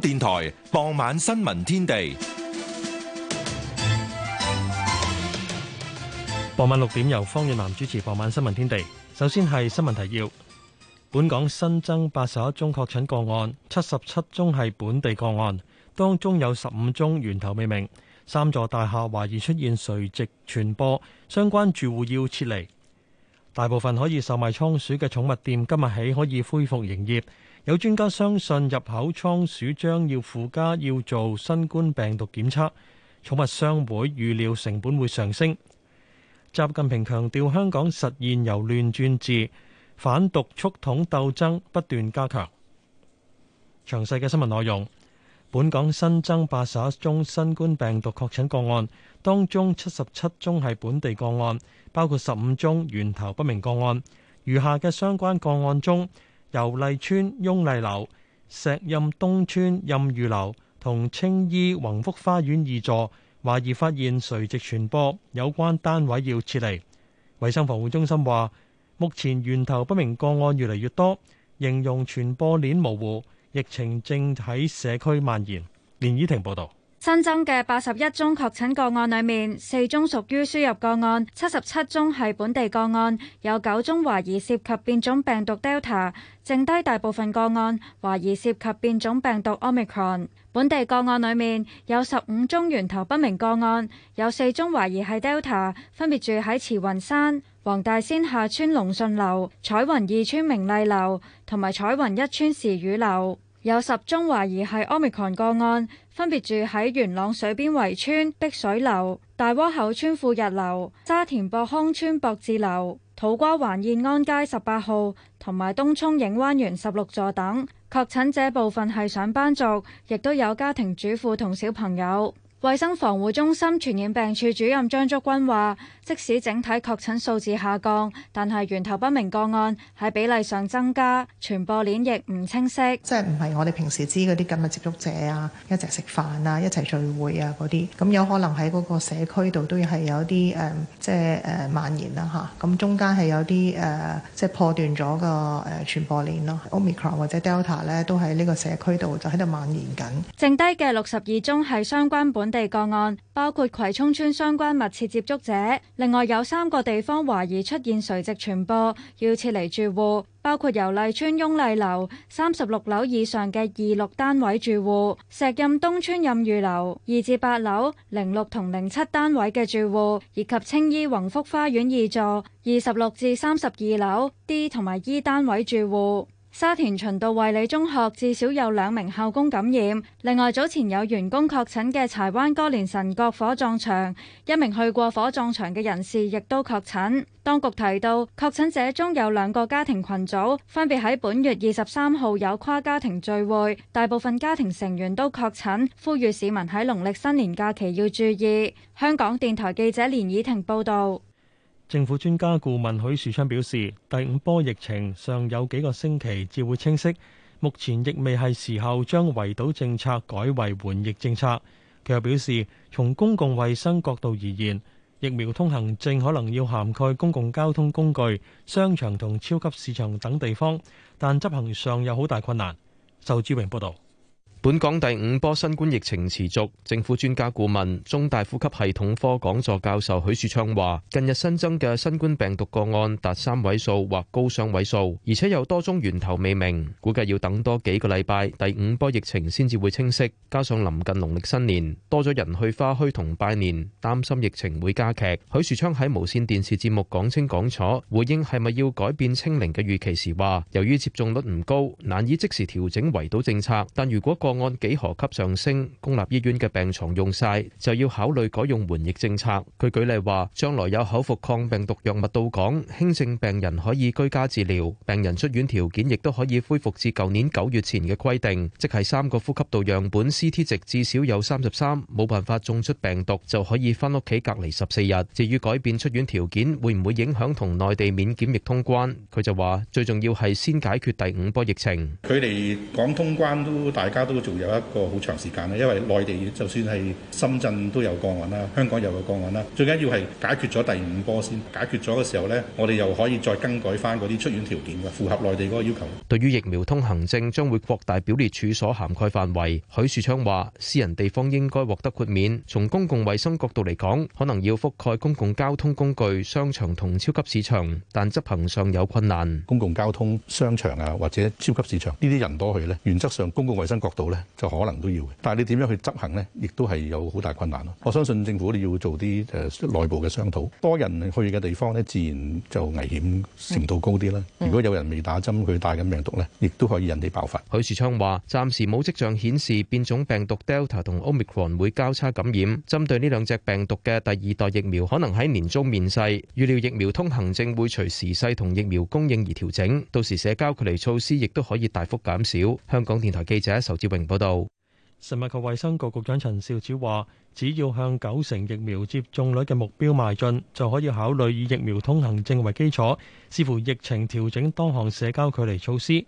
電台傍晚新聞天地，傍晚六點由方潤南主持。傍晚新聞天，天地，首先係新聞提要。本港新增八十一宗確診個案，七十七宗係本地個案，當中有十五宗源頭未明。三座大廈懷疑出現垂直傳播，相關住戶要撤離。大部分可以售賣倉鼠嘅寵物店今日起可以恢復營業。有專家相信入口倉鼠將要附加要做新冠病毒檢測，寵物商會預料成本會上升。習近平強調香港實現由亂轉治，反獨促統鬥爭不斷加強。詳細嘅新聞內容，本港新增八十一宗新冠病毒確診個案，當中七十七宗係本地個案，包括十五宗源頭不明個案，餘下嘅相關個案中。油荔村雍麗樓、石蔭東村蔭裕樓同青衣宏福花園二座，懷疑發現垂直傳播，有關單位要撤離。衞生防護中心話，目前源頭不明個案越嚟越多，形容傳播鏈模糊，疫情正喺社區蔓延。連依婷報道。新增嘅八十一宗確診個案裏面，四宗屬於輸入個案，七十七宗係本地個案，有九宗懷疑涉，涉及變種病毒 Delta，剩低大部分個案懷疑涉及變種病毒 Omicron。本地個案裏面有十五宗源頭不明個案，有四宗懷疑係 Delta，分別住喺慈雲山、黃大仙下村龍順樓、彩雲二村明麗樓同埋彩雲一村時雨樓。有十宗懷疑係 Omicron 個案，分別住喺元朗水邊圍村碧水樓、大窩口村富日樓、沙田博康村博智樓、土瓜灣燕安街十八號同埋東涌映灣園十六座等。確診者部分係上班族，亦都有家庭主婦同小朋友。衛生防護中心傳染病處主任張竹君話，即使整體確診數字下降，但係源頭不明個案喺比例上增加，傳播鏈亦唔清晰。即係唔係我哋平時知嗰啲緊密接觸者啊，一齊食飯啊，一齊聚會啊嗰啲，咁有可能喺嗰個社區度都係有啲誒、嗯，即係誒蔓延啦、啊、吓。咁中間係有啲誒、嗯，即係破斷咗個誒傳播鏈咯、啊。Omicron 或者 Delta 咧，都喺呢個社區度就喺度蔓延緊。剩低嘅六十二宗係相關本土。地個案包括葵涌村相關密切接觸者，另外有三個地方懷疑出現垂直傳播，要撤離住戶，包括由麗村雍麗樓三十六樓以上嘅二六單位住戶、石蔭東村蔭裕樓二至八樓零六同零七單位嘅住戶，以及青衣宏福花園二座二十六至三十二樓 D 同埋 E 單位住戶。沙田循道衛理中學至少有兩名校工感染，另外早前有員工確診嘅柴灣歌連臣角火葬場，一名去過火葬場嘅人士亦都確診。當局提到，確診者中有兩個家庭群組，分別喺本月二十三號有跨家庭聚會，大部分家庭成員都確診，呼籲市民喺農曆新年假期要注意。香港電台記者連以婷報導。政府專家顧問許樹昌表示，第五波疫情尚有幾個星期至會清晰，目前亦未係時候將圍堵政策改為緩疫政策。佢又表示，從公共衛生角度而言，疫苗通行證可能要涵蓋公共交通工具、商場同超級市場等地方，但執行上有好大困難。仇志榮報導。本港第五波新冠疫情持續，政府專家顧問中大呼吸系統科講座教授許樹昌話，近日新增嘅新冠病毒個案達三位數或高雙位數，而且有多宗源頭未明，估計要等多幾個禮拜，第五波疫情先至會清晰。加上臨近農曆新年，多咗人去花墟同拜年，擔心疫情會加劇，許樹昌喺無綫電視節目講清講楚，回應係咪要改變清零嘅預期時話，由於接種率唔高，難以即時調整圍堵政策，但如果國按幾何級上升，公立醫院嘅病床用晒就要考慮改用緩疫政策。佢舉例話，將來有口服抗病毒藥物到港，輕症病人可以居家治療，病人出院條件亦都可以恢復至舊年九月前嘅規定，即係三個呼吸道樣本 CT 值至少有三十三，冇辦法種出病毒就可以翻屋企隔離十四日。至於改變出院條件會唔會影響同內地免檢疫通關，佢就話最重要係先解決第五波疫情。佢哋講通關都大家都。仲有一個好長時間咧，因為內地就算係深圳都有個案啦，香港有個案啦。最緊要係解決咗第五波先，解決咗嘅時候咧，我哋又可以再更改翻嗰啲出院條件㗎，符合內地嗰個要求。對於疫苗通行證將會擴大表列處所涵蓋範圍，許樹昌話：私人地方應該獲得豁免。從公共衛生角度嚟講，可能要覆蓋公共交通工具、商場同超級市場，但執行上有困難。公共交通、商場啊，或者超級市場，呢啲人多去咧，原則上公共衛生角度咧。就可能都要，但係你點樣去執行呢，亦都係有好大困難咯。我相信政府你要做啲誒內部嘅商討，多人去嘅地方呢，自然就危險程度高啲啦。如果有人未打針，佢帶緊病毒呢，亦都可以人哋爆發。許樹昌話暫時冇跡象顯示變種病毒 Delta 同 Omicron 會交叉感染。針對呢兩隻病毒嘅第二代疫苗可能喺年中面世。預料疫苗通行證會隨時勢同疫苗供應而調整，到時社交距離措施亦都可以大幅減少。香港電台記者仇志榮。報道，食物及衛生局局長陳肇始話，只要向九成疫苗接種率嘅目標邁進，就可以考慮以疫苗通行證為基礎，視乎疫情調整多項社交距離措施。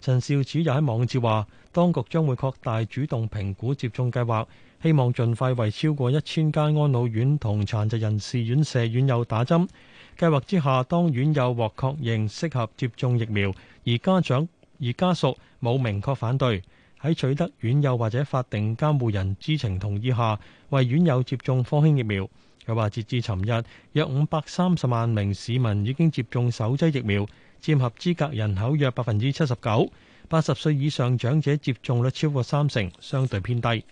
陳肇始又喺網誌話，當局將會擴大主動評估接種計劃，希望盡快為超過一千間安老院同殘疾人士院舍院友打針。計劃之下，當院友獲確認適合接種疫苗，而家長而家屬冇明確反對，喺取得院友或者法定監護人知情同意下，為院友接種科興疫苗。佢話截至尋日，約五百三十萬名市民已經接種首劑疫苗，佔合資格人口約百分之七十九。八十歲以上長者接種率超過三成，相對偏低。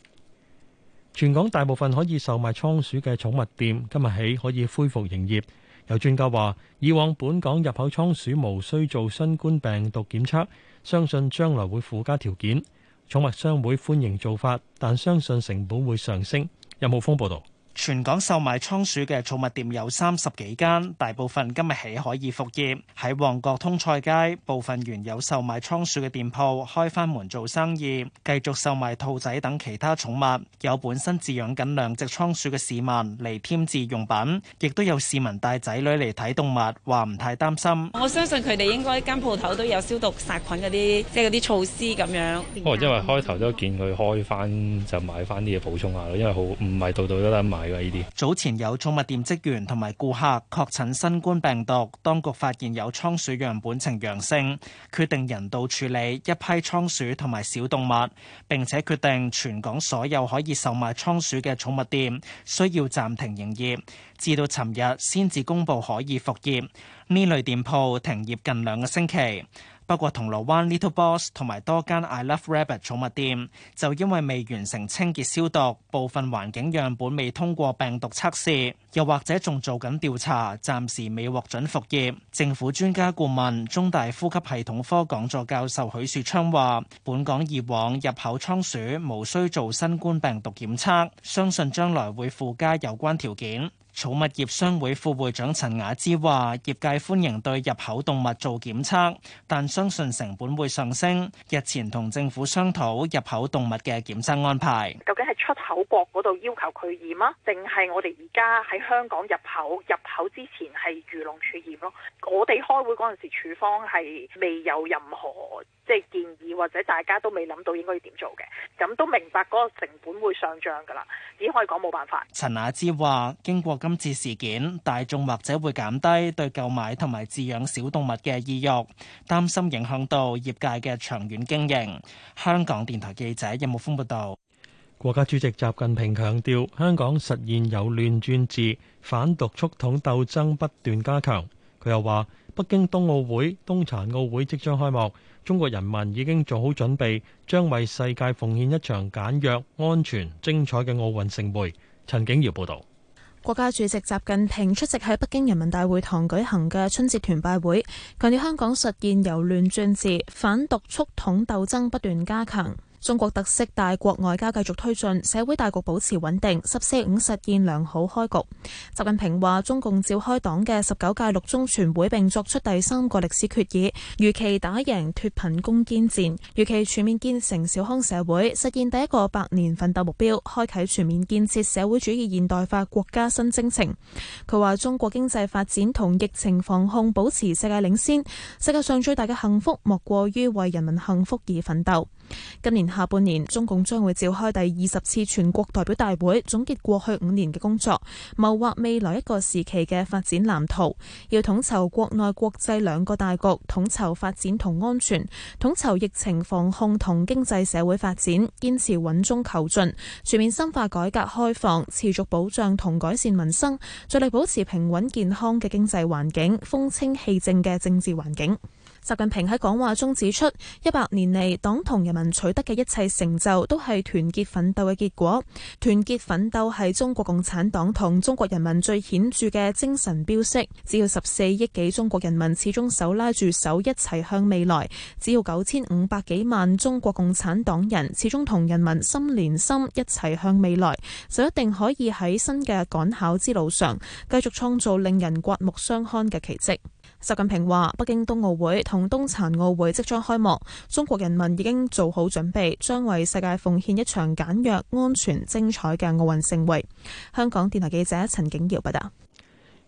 全港大部分可以售賣倉鼠嘅寵物店，今日起可以恢復營業，有專家話以往本港入口倉鼠無需做新冠病毒檢測，相信將來會附加條件。寵物商會歡迎做法，但相信成本會上升。任浩峯報道。全港售賣倉鼠嘅寵物店有三十幾間，大部分今日起可以復業。喺旺角通菜街，部分原有售賣倉鼠嘅店鋪開翻門做生意，繼續售賣兔仔等其他寵物。有本身飼養緊兩隻倉鼠嘅市民嚟添置用品，亦都有市民帶仔女嚟睇動物，話唔太擔心。我相信佢哋應該間鋪頭都有消毒殺菌嗰啲，即係啲措施咁樣。因為開頭都見佢開翻就買翻啲嘢補充下，因為好唔係度度都得買。早前有寵物店職員同埋顧客確診新冠病毒，當局發現有倉鼠樣本呈陽性，決定人道處理一批倉鼠同埋小動物。並且決定全港所有可以售賣倉鼠嘅寵物店需要暫停營業，至到尋日先至公佈可以復業。呢類店鋪停業近兩個星期。不過，銅鑼灣 Little Boss 同埋多間 I Love Rabbit 寵物店就因為未完成清潔消毒，部分環境樣本未通過病毒測試，又或者仲做緊調查，暫時未獲准復業。政府專家顧問、中大呼吸系統科講座教授許樹昌話：本港以往入口倉鼠無需做新冠病毒檢測，相信將來會附加有關條件。草物業商會副會長陳雅芝話，業界歡迎對入口動物做檢測，但相信成本會上升。日前同政府商討入口動物嘅檢測安排。究竟係出口國嗰度要求佢驗呀？定係我哋而家喺香港入口？入口之前係漁農處驗咯。我哋開會嗰陣時，處方係未有任何。即係建議，或者大家都未諗到應該要點做嘅，咁都明白嗰個成本會上漲噶啦，只可以講冇辦法。陳雅芝話：經過今次事件，大眾或者會減低對購買同埋飼養小動物嘅意欲，擔心影響到業界嘅長遠經營。香港電台記者任木峰報道，國家主席習近平強調，香港實現由亂轉治、反獨促統鬥爭不斷加強。佢又話。北京冬奧會、冬殘奧會即將開幕，中國人民已經做好準備，將為世界奉獻一場簡約、安全、精彩嘅奧運盛會，陳景瑤報道。國家主席習近平出席喺北京人民大會堂舉行嘅春節團拜會，強調香港實現由亂轉治、反獨促統鬥,鬥爭不斷加強。中國特色大國外交繼續推進，社會大局保持穩定，十四五實現良好開局。習近平話：中共召開黨嘅十九屆六中全會，並作出第三個歷史決議，如期打贏脫貧攻堅戰，如期全面建成小康社會，實現第一個百年奮鬥目標，開啟全面建設社會主義現代化國家新征程。佢話：中國經濟發展同疫情防控保持世界領先，世界上最大嘅幸福莫過於為人民幸福而奮鬥。今年下半年，中共將會召開第二十次全國代表大會，總結過去五年嘅工作，謀劃未來一個時期嘅發展藍圖。要統籌國內國際兩個大局，統籌發展同安全，統籌疫情防控同經濟社會發展，堅持穩中求進，全面深化改革開放，持續保障同改善民生，着力保持平穩健康嘅經濟環境，風清氣正嘅政治環境。習近平喺講話中指出，一百年嚟，黨同人民取得嘅一切成就，都係團結奮鬥嘅結果。團結奮鬥係中國共產黨同中國人民最顯著嘅精神標識。只要十四億幾中國人民始終手拉住手，一齊向未來；只要九千五百幾萬中國共產黨人始終同人民心連心，一齊向未來，就一定可以喺新嘅趕考之路上，繼續創造令人刮目相看嘅奇蹟。習近平話：北京冬奧會同冬殘奧會即將開幕，中國人民已經做好準備，將為世界奉獻一場簡約、安全、精彩嘅奧運盛會。香港電台記者陳景堯報道。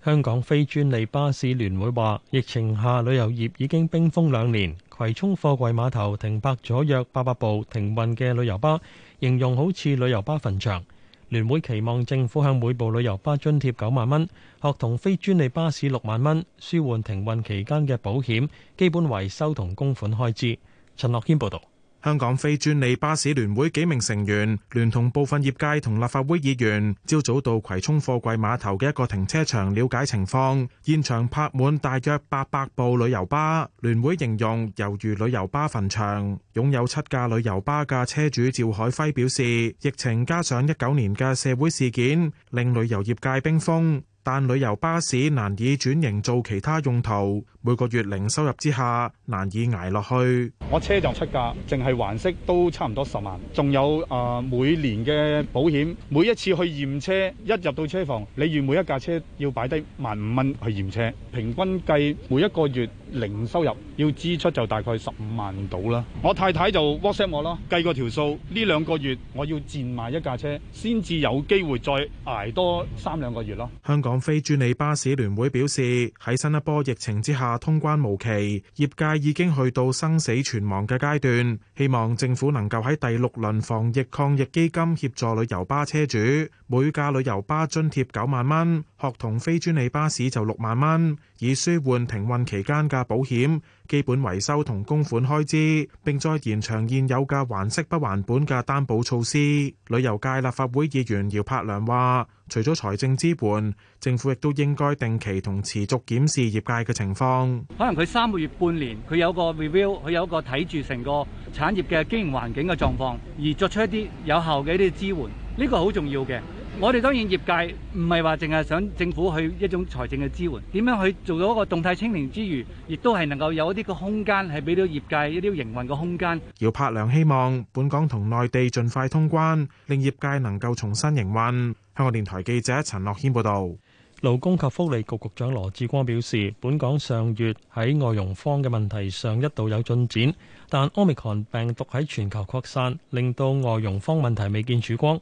香港非專利巴士聯會話：疫情下旅遊業已經冰封兩年，葵涌貨櫃碼頭停泊咗約八百部停運嘅旅遊巴，形容好似旅遊巴墳場。聯會期望政府向每部旅遊巴津貼九萬蚊，學同非專利巴士六萬蚊，舒緩停運期間嘅保險、基本維修同公款開支。陳樂軒報導。香港非專利巴士聯會幾名成員，聯同部分業界同立法會議員，朝早到葵涌貨櫃碼頭嘅一個停車場了解情況。現場泊滿大約八百部旅遊巴。聯會形容猶如旅遊巴墳場。擁有七架旅遊巴嘅車主趙海輝表示，疫情加上一九年嘅社會事件，令旅遊業界冰封，但旅遊巴士難以轉型做其他用途。每個月零收入之下，難以捱落去。我車就出價，淨係還息都差唔多十萬，仲有啊，每年嘅保險，每一次去驗車，一入到車房，你預每一架車要擺低萬五蚊去驗車，平均計每一個月零收入要支出就大概十五萬到啦。我太太就 WhatsApp 我咯，計個條數，呢兩個月我要賤賣一架車，先至有機會再捱多三兩個月咯。香港非專利巴士聯會表示，喺新一波疫情之下，通關無期，業界已經去到生死存亡嘅階段，希望政府能夠喺第六輪防疫抗疫基金協助旅遊巴車主，每架旅遊巴津貼九萬蚊。學童非專利巴士就六萬蚊，以舒緩停運期間嘅保險、基本維修同供款開支，並再延長現有嘅還息不還本嘅擔保措施。旅遊界立法會議員姚柏良話，除咗財政支援，政府亦都應該定期同持續檢視業界嘅情況。可能佢三個月、半年，佢有個 review，佢有個睇住成個產業嘅經營環境嘅狀況，而作出一啲有效嘅一啲支援，呢個好重要嘅。我哋當然業界唔係話淨係想政府去一種財政嘅支援，點樣去做到一個動態清零之餘，亦都係能夠有一啲嘅空間，係俾到業界一啲營運嘅空間。姚柏良希望本港同內地盡快通關，令業界能夠重新營運。香港電台記者陳樂軒報導。勞工及福利局局長羅致光表示，本港上月喺外傭方嘅問題上一度有進展，但 Omicron 病毒喺全球擴散，令到外傭方問題未見曙光。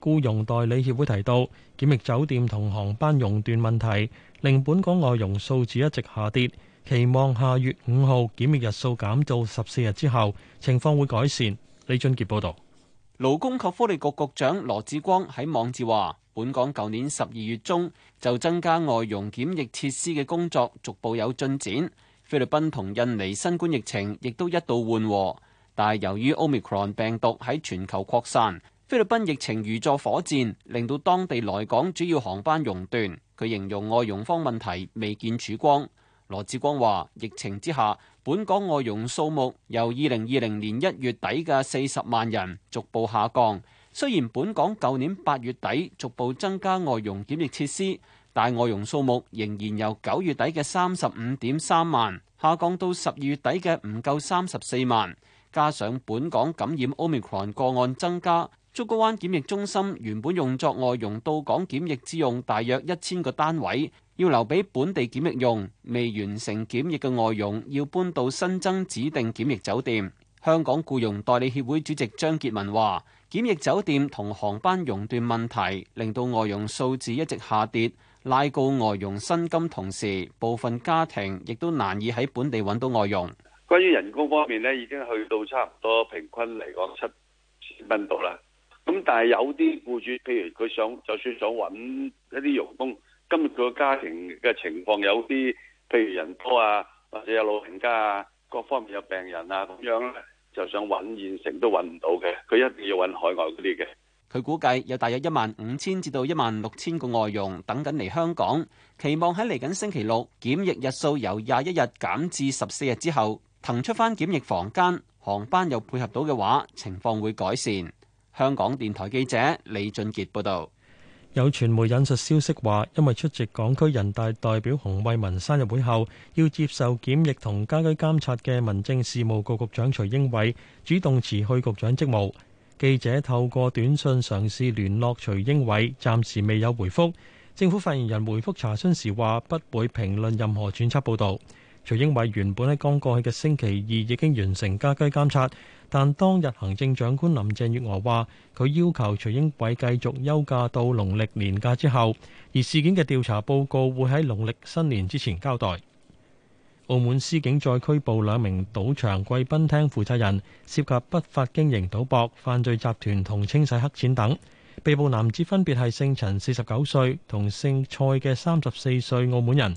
僱傭代理協會提到，檢疫酒店同航班熔斷問題，令本港外傭數字一直下跌。期望下月五號檢疫日數減到十四日之後，情況會改善。李俊傑報導。勞工及福利局局，局長羅志光喺網誌話：本港舊年十二月中就增加外傭檢疫設施嘅工作，逐步有進展。菲律賓同印尼新冠疫情亦都一度緩和，但係由於 Omicron 病毒喺全球擴散。菲律賓疫情如坐火箭，令到當地來港主要航班熔斷。佢形容外傭方問題未見曙光。羅志光話：疫情之下，本港外傭數目由二零二零年一月底嘅四十萬人逐步下降。雖然本港舊年八月底逐步增加外傭檢疫設施，但外傭數目仍然由九月底嘅三十五點三萬下降到十二月底嘅唔夠三十四萬。加上本港感染 Omicron 個案增加。竹篙灣檢疫中心原本用作外傭到港檢疫之用，大約一千個單位要留俾本地檢疫用，未完成檢疫嘅外傭要搬到新增指定檢疫酒店。香港僱傭代理協會主席張潔文話：檢疫酒店同航班熔斷問題令到外傭數字一直下跌，拉高外傭薪金，同時部分家庭亦都難以喺本地揾到外傭。關於人工方面呢，已經去到差唔多平均嚟講七千蚊度啦。咁但係有啲僱主，譬如佢想，就算想揾一啲傭工，今個家庭嘅情況，有啲，譬如人多啊，或者有老人家啊，各方面有病人啊，咁樣就想揾現成都揾唔到嘅，佢一定要揾海外嗰啲嘅。佢估計有大約一萬五千至到一萬六千個外傭等緊嚟香港，期望喺嚟緊星期六檢疫日數由廿一日減至十四日之後騰出翻檢疫房間，航班又配合到嘅話，情況會改善。香港電台記者李俊杰報道，有傳媒引述消息話，因為出席港區人大代表洪為民生日會後要接受檢疫同家居監察嘅民政事務局局長徐英偉主動辭去局長職務。記者透過短信嘗試聯絡徐英偉，暫時未有回覆。政府發言人回覆查詢時話，不會評論任何揣測報道。徐英偉原本喺剛過去嘅星期二已經完成家居監察，但當日行政長官林鄭月娥話佢要求徐英偉繼續休假到農曆年假之後，而事件嘅調查報告會喺農曆新年之前交代。澳門司警再拘捕兩名賭場貴賓廳負責人，涉及不法經營賭博、犯罪集團同清洗黑錢等。被捕男子分別係姓陳四十九歲同姓蔡嘅三十四歲澳門人。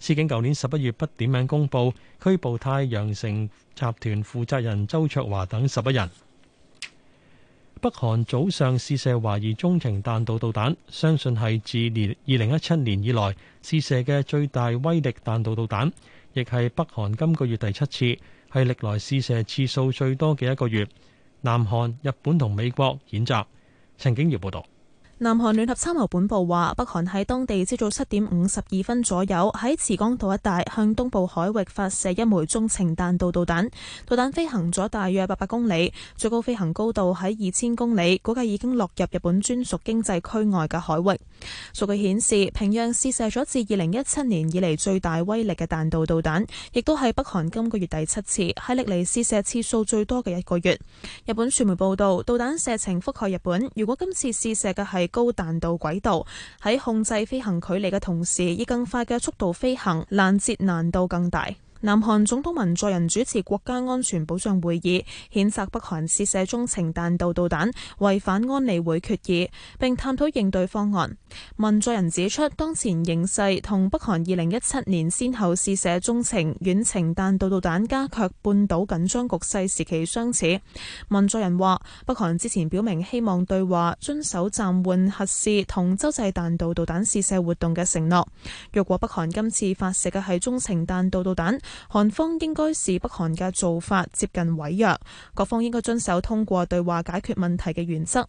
司警舊年十一月不點名公佈拘捕太陽城集團負責人周卓華等十一人。北韓早上試射懷疑中程彈道導彈，相信係自年二零一七年以來試射嘅最大威力彈道導彈，亦係北韓今個月第七次，係歷來試射次數最多嘅一個月。南韓、日本同美國譴責。陳景耀報道。南韓聯合參謀本部話，北韓喺當地朝早七點五十二分左右，喺慈江道一帶向東部海域發射一枚中程彈道導彈，導彈飛行咗大約八百公里，最高飛行高度喺二千公里，估計已經落入日本專屬經濟區外嘅海域。數據顯示，平壤試射咗自二零一七年以嚟最大威力嘅彈道導彈，亦都係北韓今個月第七次喺歷嚟試射次數最多嘅一個月。日本傳媒報道，導彈射程覆蓋日本，如果今次試射嘅係高彈道軌道喺控制飛行距離嘅同時，以更快嘅速度飛行，攔截難度更大。南韓總統文在寅主持國家安全保障會議，譴責北韓試射中程彈道導彈，違反安理會決議，並探討應對方案。文在寅指出，當前形勢同北韓二零一七年先後試射中程、遠程彈道導彈加劇半島緊張局勢時期相似。文在寅話，北韓之前表明希望對話，遵守暫緩核試同洲際彈道導彈試射活動嘅承諾。若果北韓今次發射嘅係中程彈道導彈，韓方應該是北韓嘅做法接近違約，各方應該遵守通過對話解決問題嘅原則。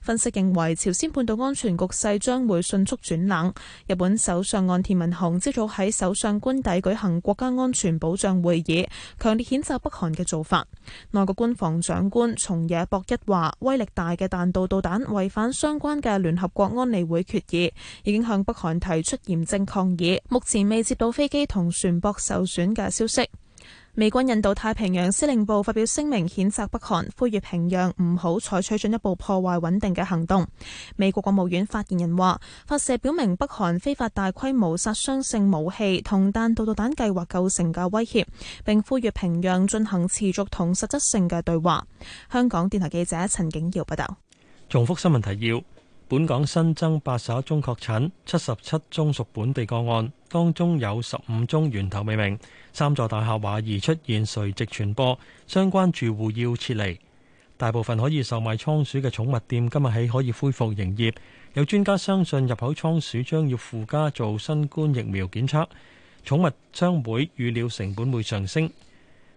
分析認為，朝鮮半島安全局勢將會迅速轉冷。日本首相岸田文雄朝早喺首相官邸舉行國家安全保障會議，強烈譴責北韓嘅做法。內閣官房長官松野博一話，威力大嘅彈道導彈違反相關嘅聯合國安理會決議，已經向北韓提出嚴正抗議。目前未接到飛機同船舶受損嘅消息。美軍印度太平洋司令部發表聲明譴責北韓，呼籲平壤唔好採取進一步破壞穩定嘅行動。美國國務院發言人話，發射表明北韓非法大規模殺傷性武器同彈道導彈計劃構成嘅威脅，並呼籲平壤進行持續同實質性嘅對話。香港電台記者陳景堯報道。重複新聞提要：本港新增八十一宗確診，七十七宗屬本地個案，當中有十五宗源頭未明。三座大廈懷疑出現垂直傳播，相關住戶要撤離。大部分可以售賣倉鼠嘅寵物店今日起可以恢復營業。有專家相信入口倉鼠將要附加做新冠疫苗檢測，寵物商會預料成本會上升。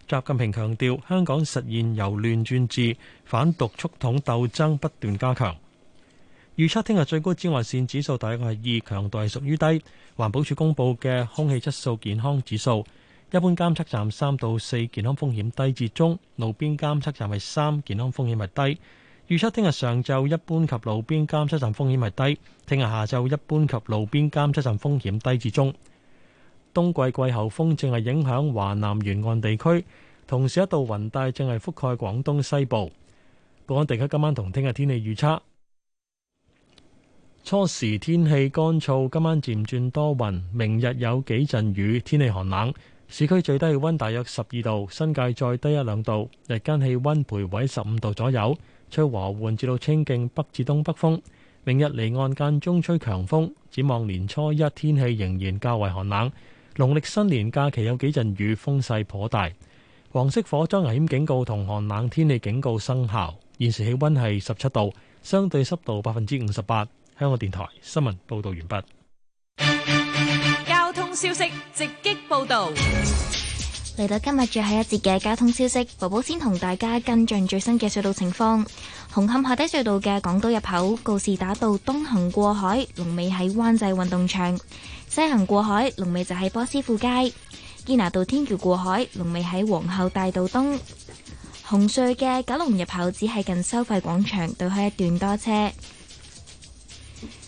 習近平強調，香港實現由亂轉治、反獨促統鬥爭不斷加強。預測聽日最高紫外線指數大概係二，強度係屬於低。環保署公佈嘅空氣質素健康指數。一般監測站三到四，健康風險低至中；路邊監測站係三，健康風險係低。預測聽日上晝一般及路邊監測站風險係低，聽日下晝一般及路邊監測站風險低至中。冬季季候風正係影響華南沿岸地區，同時一道雲帶正係覆蓋廣東西部。本港地區今晚同聽日天氣預測：初時天氣乾燥，今晚漸轉多雲，明日有幾陣雨，天氣寒冷。市區最低氣溫大約十二度，新界再低一兩度。日間氣溫徘徊十五度左右，吹和緩至到清勁北至東北風。明日離岸間中吹強風，展望年初一天氣仍然較為寒冷。農曆新年假期有幾陣雨，風勢頗大。黃色火災危險警告同寒冷天氣警告生效。現時氣溫係十七度，相對濕度百分之五十八。香港電台新聞報道完畢。消息直擊報道，嚟到今日最後一節嘅交通消息，寶寶先同大家跟進最新嘅隧道情況。紅磡海底隧道嘅港島入口告士打道東行過海，龍尾喺灣仔運動場；西行過海，龍尾就喺波斯富街。堅拿道天橋過海，龍尾喺皇后大道東。紅隧嘅九龍入口只係近收費廣場對開一段多車。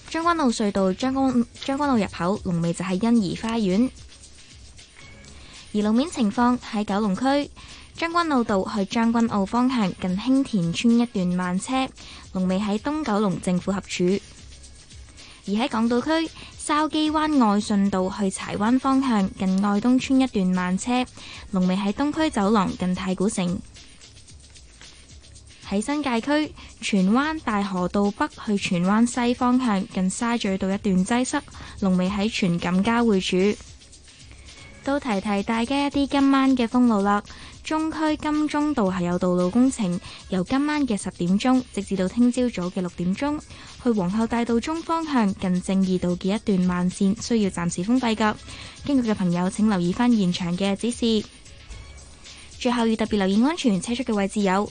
將軍澳隧道，將軍將軍澳入口龍尾就喺欣怡花園。而路面情況，喺九龍區將軍澳道去將軍澳方向近興田村一段慢車龍尾喺東九龍政府合署；而喺港島區筲箕灣外順道去柴灣方向近愛東村一段慢車龍尾喺東區走廊近太古城。喺新界區荃灣大河道北去荃灣西方向近沙咀道一段擠塞，龍尾喺荃錦交匯處。都提提大家一啲今晚嘅封路啦。中區金鐘道係有道路工程，由今晚嘅十點鐘直至到聽朝早嘅六點鐘，去皇后大道中方向近正義道嘅一段慢綫需要暫時封閉噶。經過嘅朋友，請留意返現場嘅指示。最後要特別留意安全車速嘅位置有。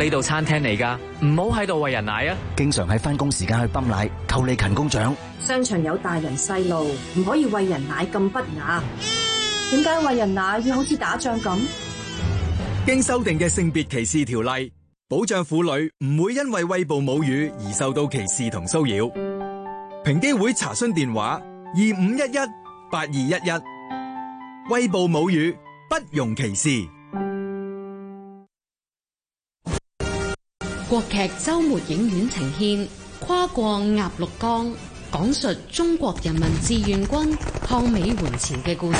呢度餐廳嚟㗎，唔好喺度餵人奶啊！經常喺翻工時間去泵奶，扣你勤工獎。商場有大人細路，唔可以餵人奶咁不雅。點解餵人奶要好似打仗咁？經修訂嘅性別歧視條例，保障婦女唔會因為餵哺母乳而受到歧視同騷擾。平機會查詢電話：二五一一八二一一。餵哺母乳，不容歧視。國劇周末影院呈現《跨過鴨綠江》，講述中國人民志願軍抗美援朝嘅故事。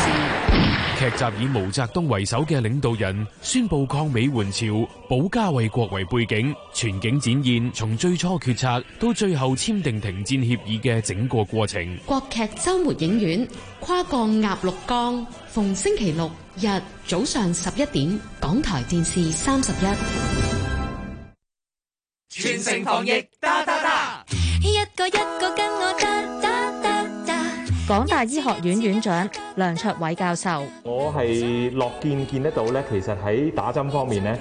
劇集以毛澤東為首嘅領導人宣布抗美援朝、保家衛國為背景，全景展現從最初決策到最後簽訂停戰協議嘅整個過程。國劇周末影院《跨過鴨綠江》，逢星期六日早上十一點，港台電視三十一。全城防疫，打打打！一個一個跟我打打打打。港大醫學院院長梁卓偉教授，我係樂見見得到咧。其實喺打針方面咧，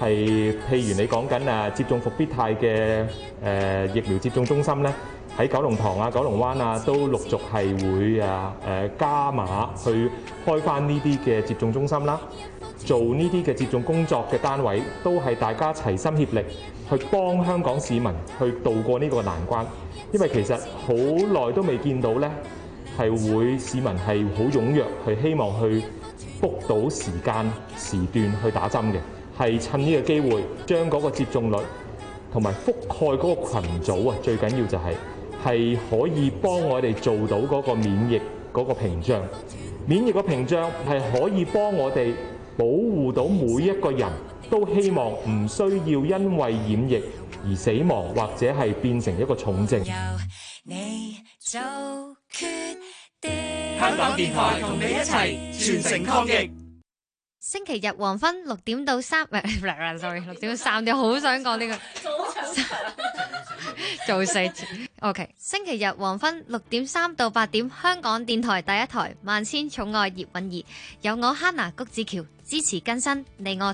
係譬如你講緊啊，接種復必泰嘅誒疫苗接種中心咧，喺九龍塘啊、九龍灣啊，都陸續係會啊誒加碼去開翻呢啲嘅接種中心啦。做呢啲嘅接種工作嘅單位，都係大家齊心協力去幫香港市民去渡過呢個難關，因為其實好耐都未見到咧，係會市民係好踊躍去希望去 book 到時間時段去打針嘅。係趁呢個機會將嗰個接種率同埋覆蓋嗰個羣組啊，最緊要就係、是、係可以幫我哋做到嗰個免疫嗰個屏障。免疫個屏障係可以幫我哋。保護到每一個人都希望唔需要因為染疫而死亡，或者係變成一個重症。你就決定。香港電台同你一齊全城抗疫。星期日黃昏六點到三，唔係，sorry，六點三點，好想講呢個。做細字，OK。星期日黃昏六點三到八點，香港電台第一台萬千寵愛葉韻儀，有我 Hannah 谷子喬。支持更新，你我